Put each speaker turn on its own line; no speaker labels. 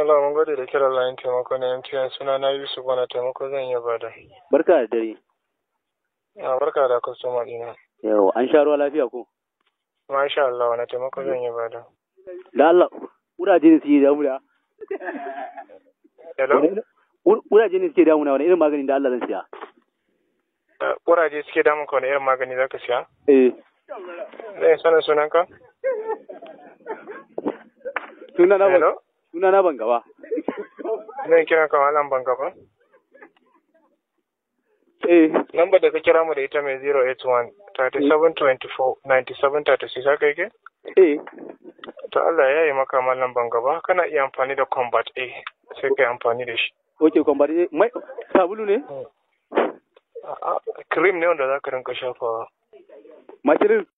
Allah mun gode da kira layin taimako na MTN suna na su bana taimako zan iya bada.
Barka da dare.
Ya barka da kwastoma ɗina.
Yau an sha
ruwa lafiya ko? Masha Allah wani taimako zan iya bada.
Da Allah kuraje ne suke damuna. Hello? Kuraje ne suke damuna wani irin magani da Allah zan siya.
Eh, kuraje suke damun ka wani irin magani za ka siya? Eh. Zai sanin sunanka? Sunana na Hello? Suna na ban gaba. Zan kiran ka malam ban gaba? Eh. Lambar da ka kira mu da ita mai 081 3724 9736 haka yake? Eh. Ta Allah ya yi maka malam ban gaba kana iya amfani da combat A sai ka yi amfani da shi.
Ok, combat A mai
sabulu ne?
Cream ne wanda za ka rinka shafawa. Mashirin?